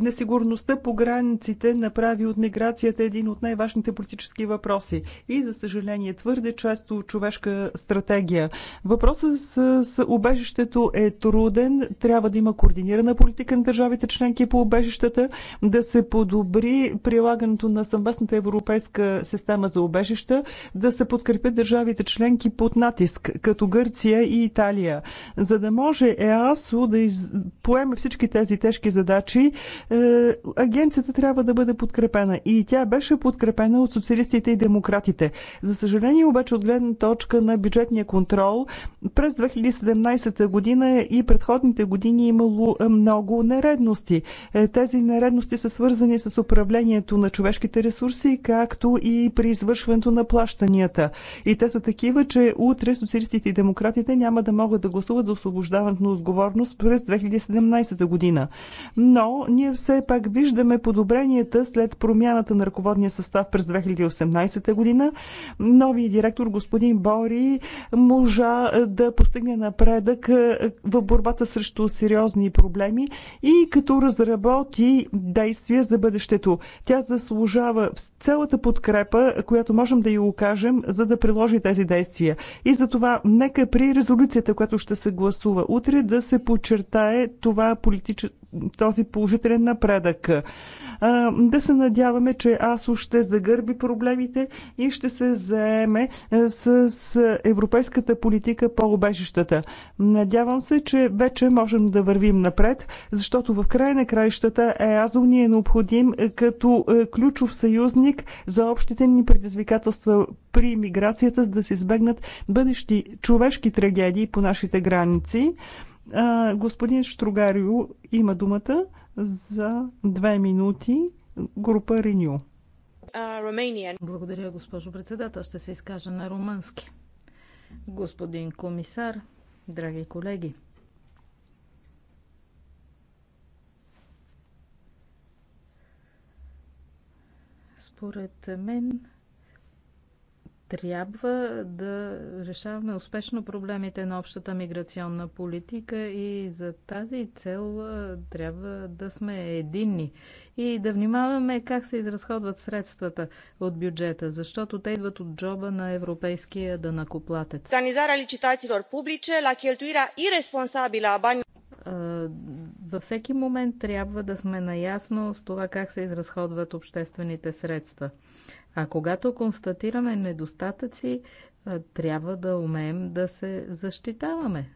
Несигурността по границите направи от миграцията един от най-важните политически въпроси и, за съжаление, твърде често човешка стратегия. Въпросът с, с обежището е труден. Трябва да има координирана политика на държавите членки по обежищата, да се подобри прилагането на съвместната европейска система за обежища, да се подкрепят държавите членки по под натиск, като Гърция и Италия. За да може ЕАСО да из... поеме всички тези тежки задачи, е, агенцията трябва да бъде подкрепена. И тя беше подкрепена от социалистите и демократите. За съжаление обаче от гледна точка на бюджетния контрол, през 2017 година и предходните години е имало е, много нередности. Е, тези нередности са свързани с управлението на човешките ресурси, както и при извършването на плащанията. И те са такива, че че утре социалистите и демократите няма да могат да гласуват за освобождаването на отговорност през 2017 година. Но ние все пак виждаме подобренията след промяната на ръководния състав през 2018 година. Новият директор господин Бори можа да постигне напредък в борбата срещу сериозни проблеми и като разработи действия за бъдещето. Тя заслужава цялата подкрепа, която можем да й окажем, за да приложи тези действия. България. И за това нека при резолюцията, която ще се гласува утре, да се подчертае това политич... този положителен напредък. Да се надяваме, че АСО ще загърби проблемите и ще се заеме с европейската политика по обежищата. Надявам се, че вече можем да вървим напред, защото в края на краищата ЕАЗО ни е необходим като ключов съюзник за общите ни предизвикателства при миграцията, за да се избегнат бъдещи човешки трагедии по нашите граници. Господин Штругарио има думата за две минути. Група Реню. Благодаря, госпожо председател. Ще се изкажа на румънски. Господин комисар, драги колеги, според мен трябва да решаваме успешно проблемите на общата миграционна политика и за тази цел трябва да сме единни и да внимаваме как се изразходват средствата от бюджета, защото те идват от джоба на европейския данакоплатец. ли licitațiilor публиче ла cheltuirea и a бани? Във всеки момент трябва да сме наясно с това как се изразходват обществените средства. А когато констатираме недостатъци, трябва да умеем да се защитаваме.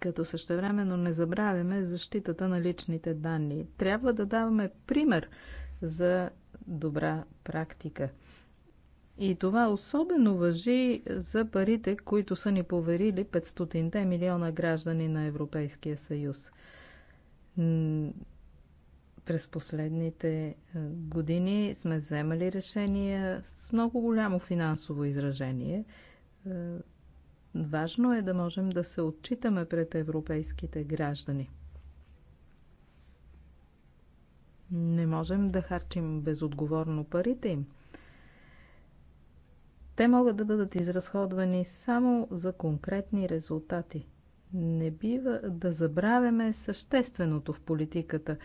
Като същевременно не забравяме защитата на личните данни. Трябва да даваме пример за добра практика. И това особено въжи за парите, които са ни поверили 500-те милиона граждани на Европейския съюз. През последните е, години сме вземали решения с много голямо финансово изражение. Е, важно е да можем да се отчитаме пред европейските граждани. Не можем да харчим безотговорно парите им – те могат да бъдат изразходвани само за конкретни резултати. Не бива да забравяме същественото в политиката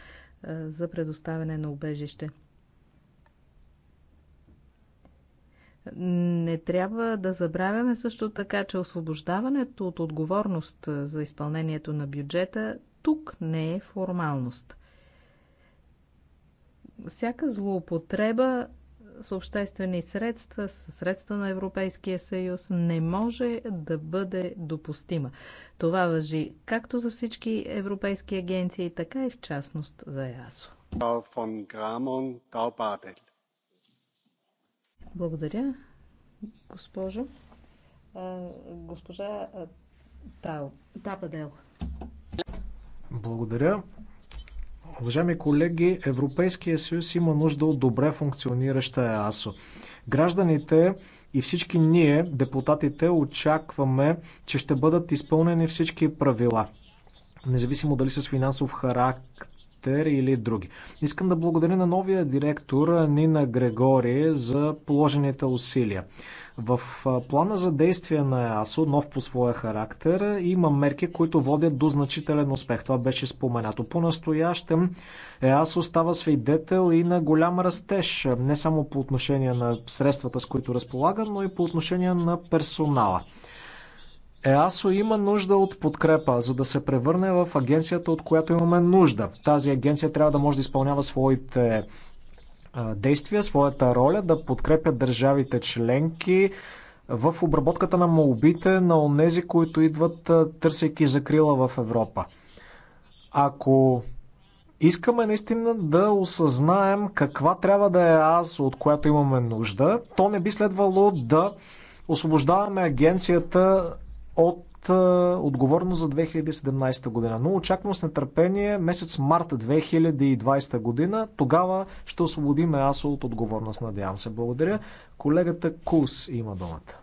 за предоставяне на убежище. Не трябва да забравяме също така, че освобождаването от отговорност за изпълнението на бюджета тук не е формалност. Всяка злоупотреба с обществени средства, с средства на Европейския съюз, не може да бъде допустима. Това въжи както за всички европейски агенции, така и в частност за ЕАСО. Благодаря, госпожо. Госпожа Тападел. Благодаря. Уважаеми колеги, Европейския съюз има нужда от добре функционираща ЕАСО. Гражданите и всички ние, депутатите, очакваме, че ще бъдат изпълнени всички правила, независимо дали са с финансов характер или други. Искам да благодаря на новия директор Нина Грегори за положените усилия. В плана за действие на ЕАСО, нов по своя характер, има мерки, които водят до значителен успех. Това беше споменато. По-настоящем ЕАСО става свидетел и на голям растеж, не само по отношение на средствата, с които разполага, но и по отношение на персонала. ЕАСО има нужда от подкрепа, за да се превърне в агенцията, от която имаме нужда. Тази агенция трябва да може да изпълнява своите действия, своята роля да подкрепят държавите членки в обработката на молбите на онези, които идват търсейки закрила в Европа. Ако искаме наистина да осъзнаем каква трябва да е аз, от която имаме нужда, то не би следвало да освобождаваме агенцията от отговорност за 2017 година. Но очаквам с нетърпение месец март 2020 година. Тогава ще освободим АСО от отговорност, надявам се. Благодаря. Колегата Кус има думата.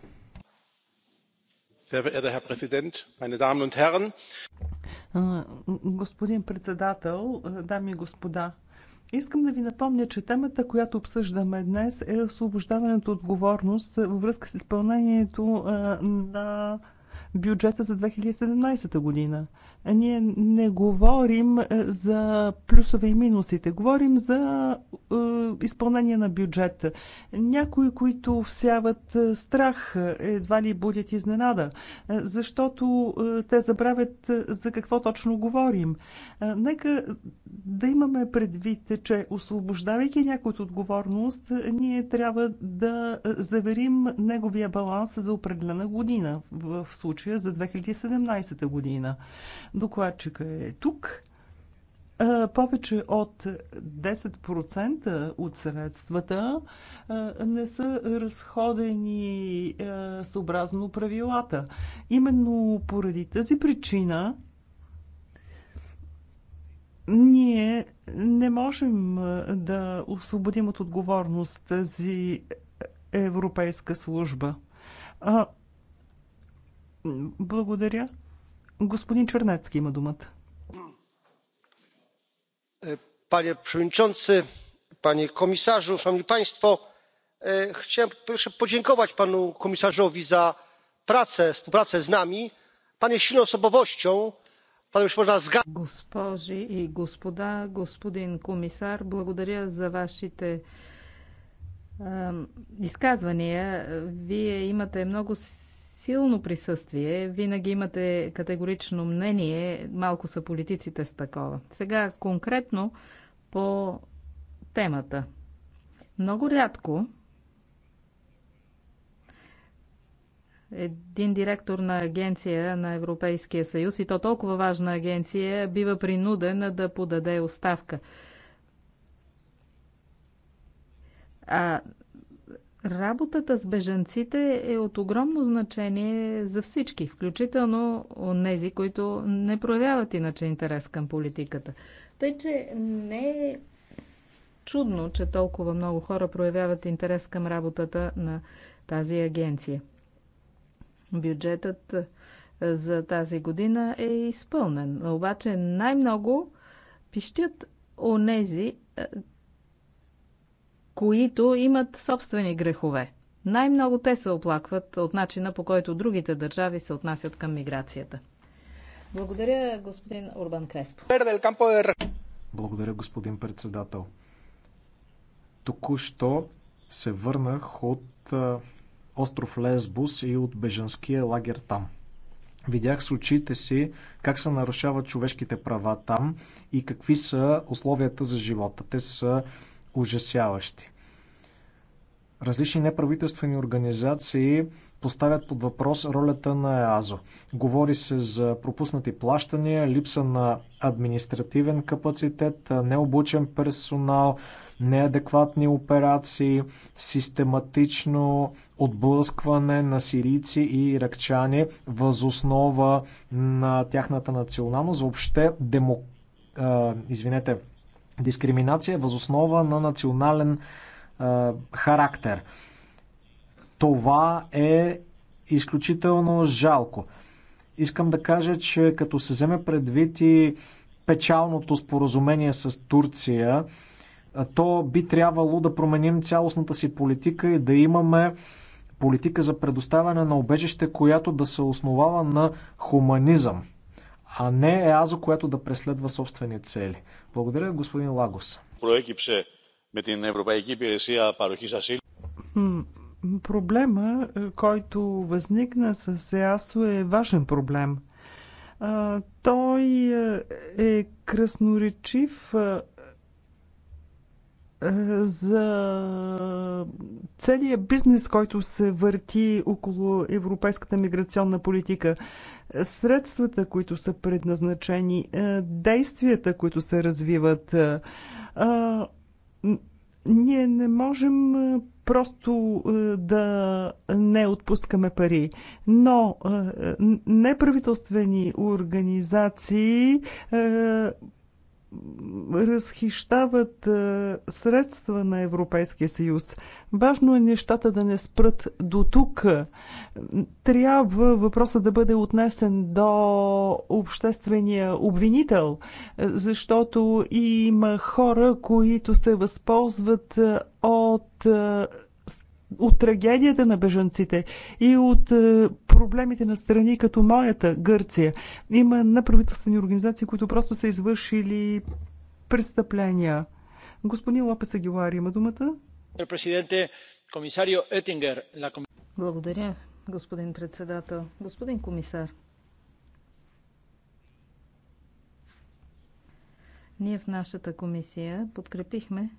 Господин председател, дами и господа, Искам да ви напомня, че темата, която обсъждаме днес е освобождаването от отговорност във връзка с изпълнението на бюджета за 2017 година. Ние не говорим е, за плюсове и минусите, говорим за е, изпълнение на бюджета. Някои, които всяват е, страх, е, едва ли будят изненада, защото те забравят за какво точно говорим. Нека да имаме предвид, че освобождавайки някой от отговорност, ние трябва да заверим неговия баланс за определена година в случая случая за 2017 година. Докладчика е тук. Повече от 10% от средствата не са разходени съобразно правилата. Именно поради тази причина ние не можем да освободим от отговорност тази европейска служба. Благодаря. Господин Чернецки има думата. Panie przewodniczący, panie komisarzu, szanowni państwo! Chciałem po pierwsze podziękować panu komisarzowi za pracę, współpracę z nami. Pan jest silną osobowością. Panem się można zgadzać. Госпожи и господа, господин комисар, благодаря за вашите изказвания. Вие имате много силно присъствие. Винаги имате категорично мнение. Малко са политиците с такова. Сега конкретно по темата. Много рядко един директор на агенция на Европейския съюз и то толкова важна агенция бива принуден да подаде оставка. А Работата с бежанците е от огромно значение за всички, включително тези, които не проявяват иначе интерес към политиката. Тъй, че не е чудно, че толкова много хора проявяват интерес към работата на тази агенция. Бюджетът за тази година е изпълнен, обаче най-много пищят онези, които имат собствени грехове. Най-много те се оплакват от начина по който другите държави се отнасят към миграцията. Благодаря, господин Урбан Креспо. Благодаря, господин председател. Току-що се върнах от остров Лесбус и от бежанския лагер там. Видях с очите си как се нарушават човешките права там и какви са условията за живота. Те са ужасяващи. Различни неправителствени организации поставят под въпрос ролята на ЕАЗО. Говори се за пропуснати плащания, липса на административен капацитет, необучен персонал, неадекватни операции, систематично отблъскване на сирийци и иракчани възоснова на тяхната националност. Въобще демо... извинете, дискриминация възоснова на национален а, характер. Това е изключително жалко. Искам да кажа, че като се вземе предвид и печалното споразумение с Турция, то би трябвало да променим цялостната си политика и да имаме политика за предоставяне на обежище, която да се основава на хуманизъм а не ЕАЗО, което да преследва собствени цели. Благодаря, господин Лагос. Проекипсе με την Ευρωπαϊκή Υπηρεσία Παροχής Ασύλου. Проблема, е, който възникна с ЕАСО е важен проблем. Той е, е красноречив за целият бизнес, който се върти около европейската миграционна политика, средствата, които са предназначени, е, действията, които се развиват. Е, ние не можем е, просто да не отпускаме пари. Но неправителствени организации разхищават е, средства на Европейския съюз. Важно е нещата да не спрат до тук. Трябва въпросът да бъде отнесен до обществения обвинител, защото има хора, които се възползват е, от е, от трагедията на бежанците и от е, проблемите на страни като моята Гърция. Има неправителствени организации, които просто са извършили престъпления. Господин Лопес Агилари, има думата. Благодаря, господин председател. Господин комисар. Ние в нашата комисия подкрепихме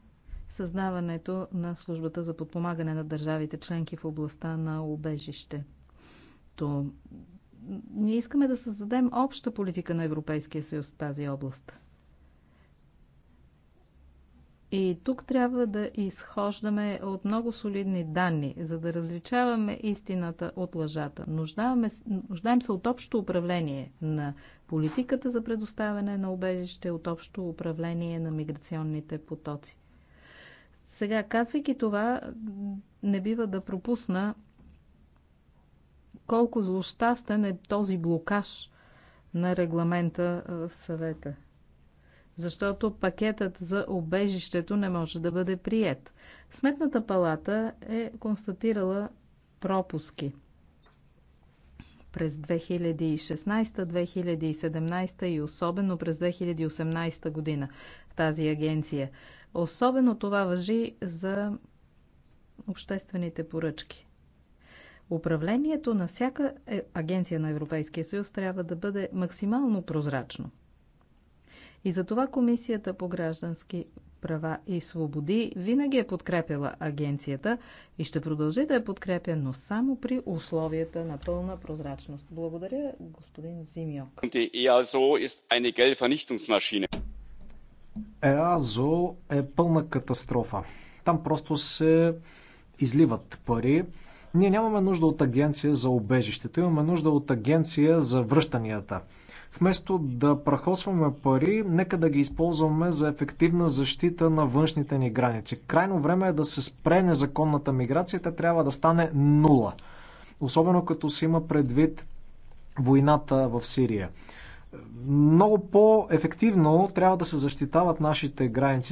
Съзнаването на службата за подпомагане на държавите членки в областта на убежището. Ние искаме да създадем обща политика на Европейския съюз в тази област. И тук трябва да изхождаме от много солидни данни, за да различаваме истината от лъжата. Нуждаваме, нуждаем се от общо управление на политиката за предоставяне на убежище, от общо управление на миграционните потоци. Сега, казвайки това, не бива да пропусна колко злощастен е този блокаж на регламента в съвета. Защото пакетът за обежището не може да бъде прият. Сметната палата е констатирала пропуски през 2016, 2017 и особено през 2018 година в тази агенция. Особено това въжи за обществените поръчки. Управлението на всяка е- агенция на Европейския съюз трябва да бъде максимално прозрачно. И затова Комисията по граждански права и свободи винаги е подкрепила агенцията и ще продължи да я подкрепя, но само при условията на пълна прозрачност. Благодаря, господин Зимиок. ЕАЗО е пълна катастрофа. Там просто се изливат пари. Ние нямаме нужда от агенция за обежището, имаме нужда от агенция за връщанията. Вместо да прахосваме пари, нека да ги използваме за ефективна защита на външните ни граници. Крайно време е да се спре незаконната миграция, тя трябва да стане нула. Особено като се има предвид войната в Сирия много по-ефективно трябва да се защитават нашите граници,